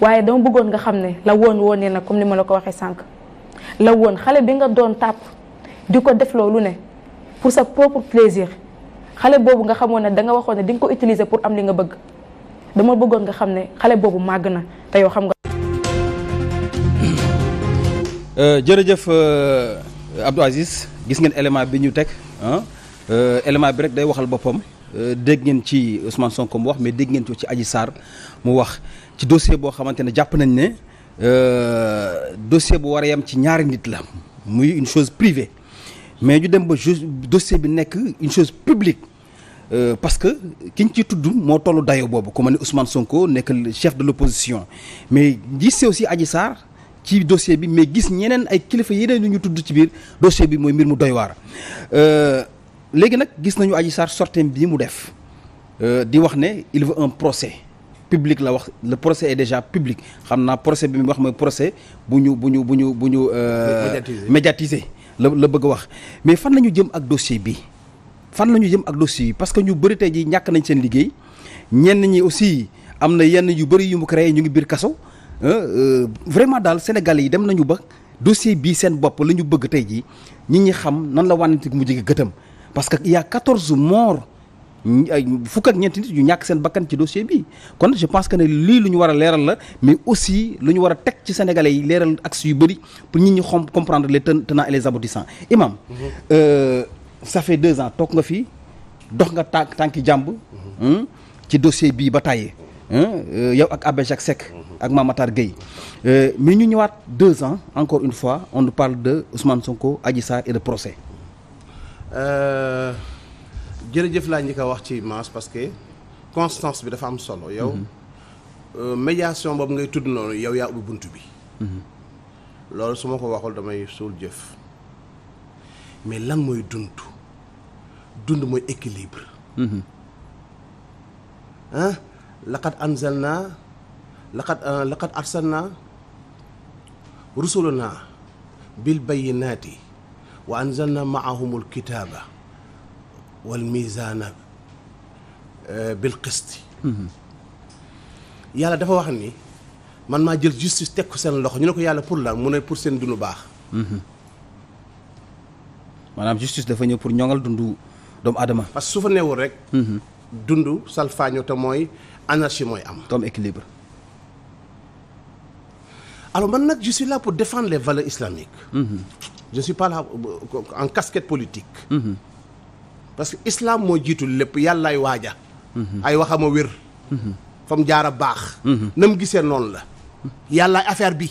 waaye dama bëggoon nga xam ne la woon woon ne na comme ni ma la ko waxee sànq la woon xale bi nga doon tàpp di ko def loolu ne pour sa propre plaisir xale boobu nga xamoon ne da nga waxoon ne di nga ko utiliser pour am li nga bëgg dama bëggoon nga xam ne xale boobu màgg na te yow xam nga. Euh, jërëjëf euh, Abdou Aziz gis ngeen élément bi ñu teg euh, élément bi rek day waxal boppam. Euh, dégg ngeen ci Ousmane Sonko mu wax mais dégg ngeen ci Adji Sarr mu wax ci dossier boo xamante ne jàpp nañ ne euh, dossier bu war a yem ci ñaari nit la muy une chose privée mais ñu dem ba dossier bi nekk une chose publique euh, parce que kiñ ci tudd moo tollu dayo boobu ku ma ne Ousmane Sonko nekk chef de l'opposition mais gisee aussi aji Sarr ci dossier bi mais gis ñeneen ay kilifa yeneen yu ñu tudd ci biir dossier bi mooy mbir mu doy waar euh, léegi nag gis nañu Adji Sarr sortem bi mu def euh, di wax ne il un procès public la wax le procès est déjà public xam naa procès bi mu wax mooy procès bu ñu bu ñu bu ñu bu ñu euh, médiatisé la la bëgg a wax mais fan la ñu jëm ak dossier bi fan la ñu jëm ak dossier yi parce que ñu bëri tey ji ñàkk nañ seen liggéey ñenn ñi aussi am na yenn yu bëri yu mu créé ñu ngi biir kaso euh, vraiment daal sénégal yi dem nañu ba dossier bi seen bopp la ñu bëgg tey ji ñi ñi xam nan la wànnante mu jege gëtam parce que il y a quatorze morts fukk ak ñeenti nit ñu ñàkk seen bakkan ci dossier bi kon je pense que ne lii lu ñu war a leeral la mais aussi lu ñu war a teg ci sénégalais yi leeral axe yu bëri pour nit ñi xom comprendre les tenants et les aboutissants imam mhm. euh, ça fait deux ans toog nga fii dox nga tànk tànki jàmb mhm. ci dossier bii ba tàyyee euh, yow ak Abbé Jacques Seck mhm. ak Mame Matar euh, mais ñu ñëwaat deux ans encore une fois on nous parle de Ousmane Sonko Adji et de procès Euh, jërëjëf laa ñi ko wax ci masse parce que constance bi dafa am solo yow mhm. euh, médiation boobu ngay tudd noonu yow yaa ubbi bunt bi mhm. loolu su ma ko waxul damay suul jëf mais lan mooy dund dund mooy équilibre ah laqad anzalna laqad euh, laqad arsalna rusulana bil bayyinaati wa anzalna maahum alkitaaba walmisaana bilqisti yàlla dafa wax ni man maa jël justice teg ko seen loxo ñu ne ko yàlla pour la mu ne pour seen dundu baax maanaam justice dafa ñëw pour ñoŋal dundu doomu aadama parce que su fa newul rek mhm. dundu salfaaño te mooy anarchie mooy am doom équilibre alors man nag je suis là pour défendre les valeurs je suis pas euh, en casquette politique. Mm-hmm. parce que islam moo jiitul lépp yàllaay waaja. Mm-hmm. ay waxama wér. Mm-hmm. fa mu jaar a baax. na gisee noonu la. yàllaay affaire bi.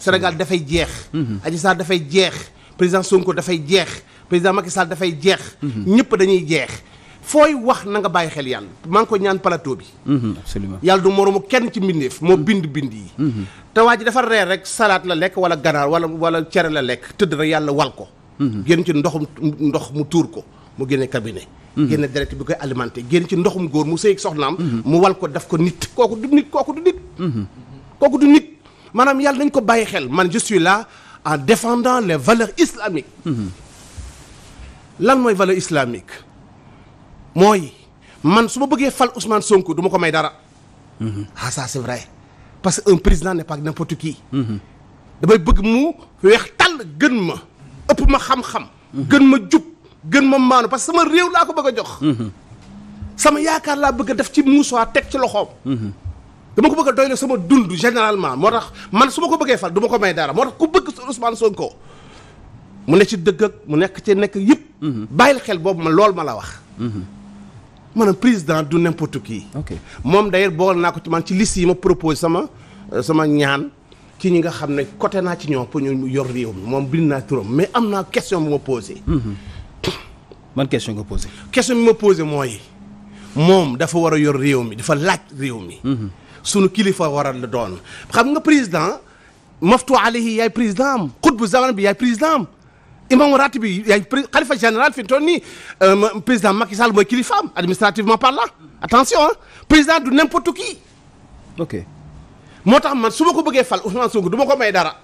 Sénégal dafay jeex. Adji Sarr dafay jeex président Sonko dafay jeex président Macky Sall dafay jeex. ñëpp dañuy jeex. fooy wax na nga bàyyi xel yàlla maa ngi ko ñaan plateau bi. Mhm, yàlla du moromu kenn ci mbindeef moo bind bind yi. Mhm. te waa ji dafa reer rek salaat la lekk wala ganaar wala wala cere la lekk tëdd rek yàlla wal ko. Mhm. génn ci ndoxum ndox mu tuur ko mu génne cabinet. génne direct bi koy alimenté génn ci ndoxum góor mu sëy soxnaam. mu wal ko daf ko nit kooku du nit kooku du nit. kooku du nit maanaam yàlla nañ ko bàyyi xel man je la là en défendant les valeurs islamiques. lan mooy valeur islamique. mooy man su ma bëggee fal Ousmane Sonko du ma ko may dara. Mhm. ah ça c'est que un président n'est pas n'importe qui. Mhm. damay bëgg mu weex tàll gën ma ëpp ma xam mhm. gën ma jub gën ma maanu parce que sama réew laa ko bëgg a jox. sama yaakaar laa bëgg def ci muusuwaa teg ci loxoom. dama ko bëgg a doyle sama dund généralement moo tax man su ma ko bëggee fal du ko may dara moo tax ku bëgg Ousmane Sonko mu ne ci dëgg ak mu nekk ci nekk yëpp. bàyyil xel boobu ma loolu ma la wax. maanaam président du n'importe kii ok moom d'ailleurs boole naa ko ci man ci liste yi ma propose sama euh, sama ñaan ci ñi nga xam ne côté naa ci ñoom pour ñu yor réew mi moom bind naa turam mais am naa question bu ma posé. Mhm. man question nga posé. question bi ma posé mooy moom dafa war a yor réew mi dafa laaj réew mi. Mhm. sunu kilifa waral la doon xam nga président maftu alayhi yaay président am xutbu zaman bi yaay président am. imam a bi yaay xalifa général fi mu toll nii euh, président Macky Sall mooy kilifaam administrativement parlant attention hein président du n'importe qui. ok moo tax man su ma ko bëggee fal Ousmane Sonko du ma ko may dara.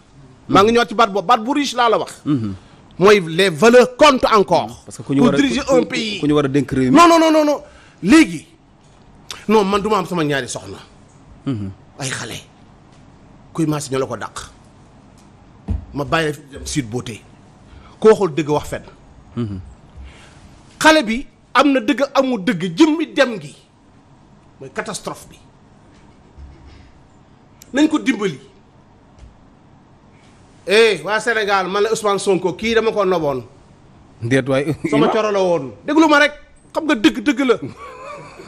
maa ngi ñëwaat ci baat boo baat bu riche laa la wax. Mhm. mooy les valeur comptent encore. parce que ku ñu a pour diriger un pays. ku ñu war a dénk réew mi non non non man du ma am sama ñaari soxna. Mhm. ay xale. kuy maas ñoo la ko dàq. ma bàyyi la fi ku waxul dëgg wax fen mhm. xale bi am na dëgg amul dëgg jëmmi dem gi mooy catastrophe bi nañ ko dimbali eh waa Sénégal man la Ousmane Sonko kii dama ko noboon ndeet waay sama coro la woon déglu ma rek xam nga dëgg dëgg la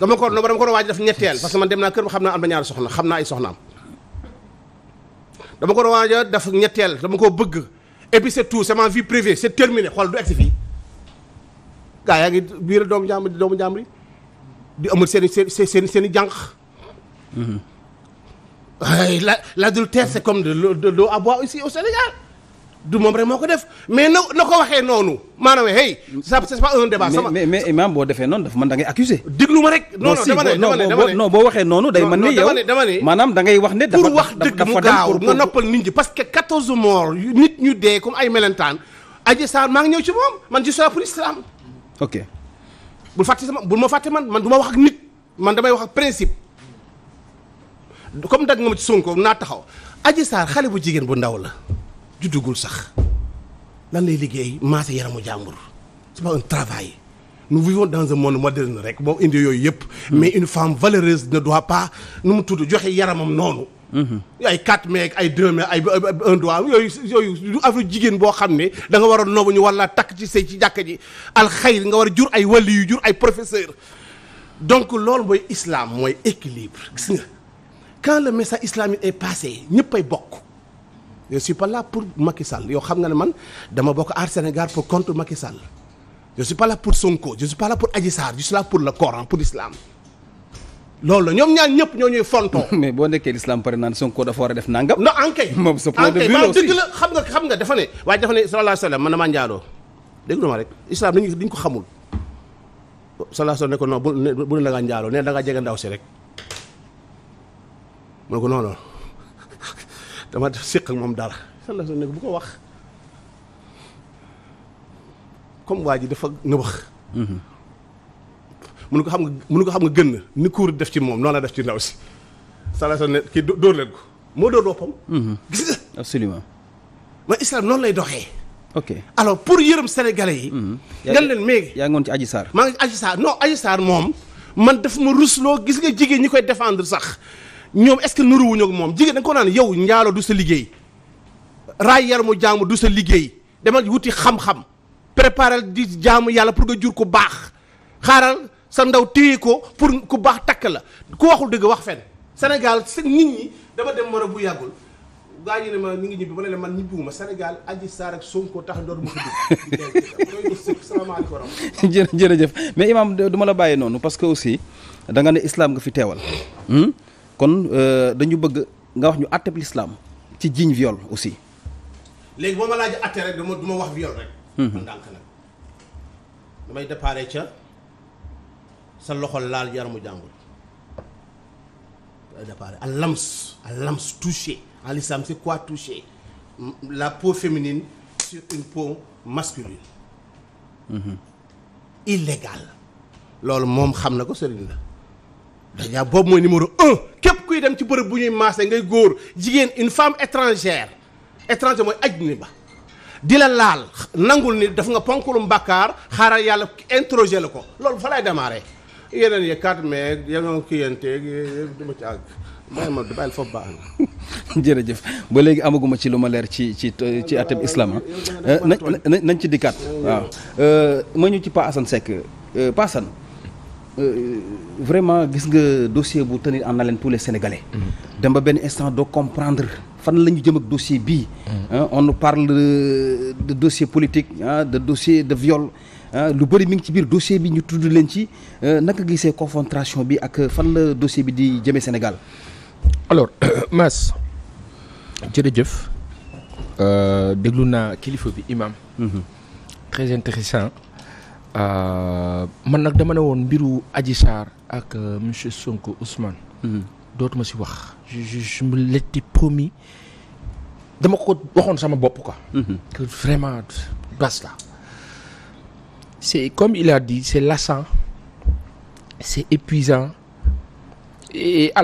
dama ko noboon dama ko waaj def ñetteel parce que man dem naa kër ba xam naa am na ñaari soxna xam naa ay soxnaam dama ko waaj def ñetteel dama ko bëgg et puis c'est tout c'est ma vie privée c'est terminé xool du egsi fii gaa yaa ngi biir doomu jàmbur doomu jàmbur yi di amul seen i seen i seen i jànq. Mm-hmm. la l'adultère c'est comme de l'eau à boire ici au Sénégal. du moom rek moo ko def mais na na ko waxee noonu maanaam hey. sa c'est pas un débat sama. mais mais imam boo defee noonu dafa man da ngay accusé. déglu ma rek non non ne noonu. day man ni yow maanaam da ngay wax ne. dafa dafa dafa dem pour wax dëgg gaaw nga noppal nit ñi ñu dee comme ay melentaan. Adji Sarr maa ngi ñëw ci moom man je suis là am l'islam. ok bul fàtte sama bu ma fàtte man man du ma wax ak nit man damay wax ak principe comme dag nga ma ci Sonko naa taxaw Adji Sarr xale bu jigéen bu ndaw la. juddugul sax lan lay liggéey maase yaramu jàmbur c'est pas un travail nous vivons dans un monde moderne rek boo indi yooyu yëpp. mais une femme valeureuse ne doit pas nu mu tudd joxe yaramam noonu. Mm-hmm. ay 4 mai ay 2 mai ay un doigt yooyu yooyu du affaire jigéen boo xam ne da nga war a noobu ñu wala takk ci sëy ci jàkka ji alxayr nga war a jur ay wàlli jur ay professeur donc loolu mooy islaam mooy équilibre gis nga quand le message islamique est pa ñëpp ay bokk. je suis pas là pour Macky Sall yow xam nga ne man dama bokk aar Sénégal pour contre Macky Sall je suis pour Sonko je suis pas pour Adji Sarr je pour le Coran pour l'islam loolu ñoom ñaan ñëpp ñoo ñuy fonto mais boo nekkee l'islam pare naan Sonko dafa war a def nangam. non ankay moom sa point de xam nga xam nga dafa ne waaye dafa ne sallallahu alayhi wa sallam man damaa njaaloo dégg ma rek islam dañu dañ ko xamul sallallahu alayhi wa sallam ne ko non bu ne la njaaloo ne da ngaa jege ndaw si rek mu dama def séq ak moom dara sallallahu alayhi wa bu ko wax comme waa ji dafa nëbax mm-hmm. munu ko xam nga munu ko xam nga gën na ni kuur def ci moom noonu la def ci ndaw si sallallahu alayhi wa sallam kii dóor leen ko moo dóor boppam mm-hmm. gis nga absolument ma islam noonu lay doxee ok alors pour yërëm sénégalais yi gan mm-hmm. leen méegi yaa ngoon ci Adji Sarr maa ngi Adji Sarr non Adji moom man daf ma rusloo gis nga jigéen ñi koy défendre sax ñoom est-ce que nuruwuñu moom jigéen da nga ko naan yow njaalo du sa liggéey raay mu jaamu du sa liggéey demal wuti xam-xam préparer di jaamu yàlla pour nga jur ku baax xaaral sa ndaw téye ko pour ku baax takk la ku waxul dëgg wax fen senegal sa nit ñi dama dem Maroc bu yàggul gaa ñi ne ma ñu ngi ñibbi ma ne la man ñibbiwuma Sénégal Adji Sarr ak Sonko tax ndoor mu tudd salaamaaleykum wa a jërëjëf mais imam du ma la bàyyi noonu parce que aussi danga ne islaam nga fi teewal hmm? kon euh, dañu bëgg nga wax ñu àtteb lislaam ci jiiñ viol aussi. léegi boo ma laaj àtte rek duma duma wax viol rek. Mhm. man ndànk nag damay déparé ca sa loxo laal yaramu jàngul damay déparé al lams al lams touché en islam quoi touché la peau féminine sur une peau mhm. illégal loolu moom xam na ko sëriñ la. dañaa boobu mooy numéro un képp kuy dem ci bërëb bu ñuy maase ngay góor jigéen une femme étrangère étranger mooy aj ni ba di la laal nangul ni daf nga ponkulum bàkkaar xaaral yàlla interroger la ko loolu fa lay démarrer yeneen yi quatre mai yeneen kiyanteeg du ma ci àgg bàyyi ma bàyyil foofu baax na jërëjëf ba léegi amaguma ci lu ma leer ci ci ci atem islam ah. eh, nañ nañ ci dikkaat waaw ma ñu eh, ci Pa Assane Seck eh, Euh, vraiment gis nga dossier bu tenir en leen tous les sénégalais. Mm-hmm. dem ba benn instant doo comprendre fan la ñu jëm ak dossier bii. Mm-hmm. on nous parle de dossier politique ah de dossier de viol. lu bëri mi ngi ci biir dossier bi ñu tudd leen ci euh, naka gisee confontration bi ak fan la dossier bi di jëmee Sénégal. alors Mass jërëjëf euh, déglu naa kilifa bi imam. Mm-hmm. très intéressant Euh, man nag dama ne woon mbiru Adji Sarr ak euh, monsieur sonk Ousmane. Mhm. dootuma si wax je je je dama ko waxoon sama bopp quoi. Mhm. que vraiment basta. c'est comme il a dit c'est lassant c'est épuisant et à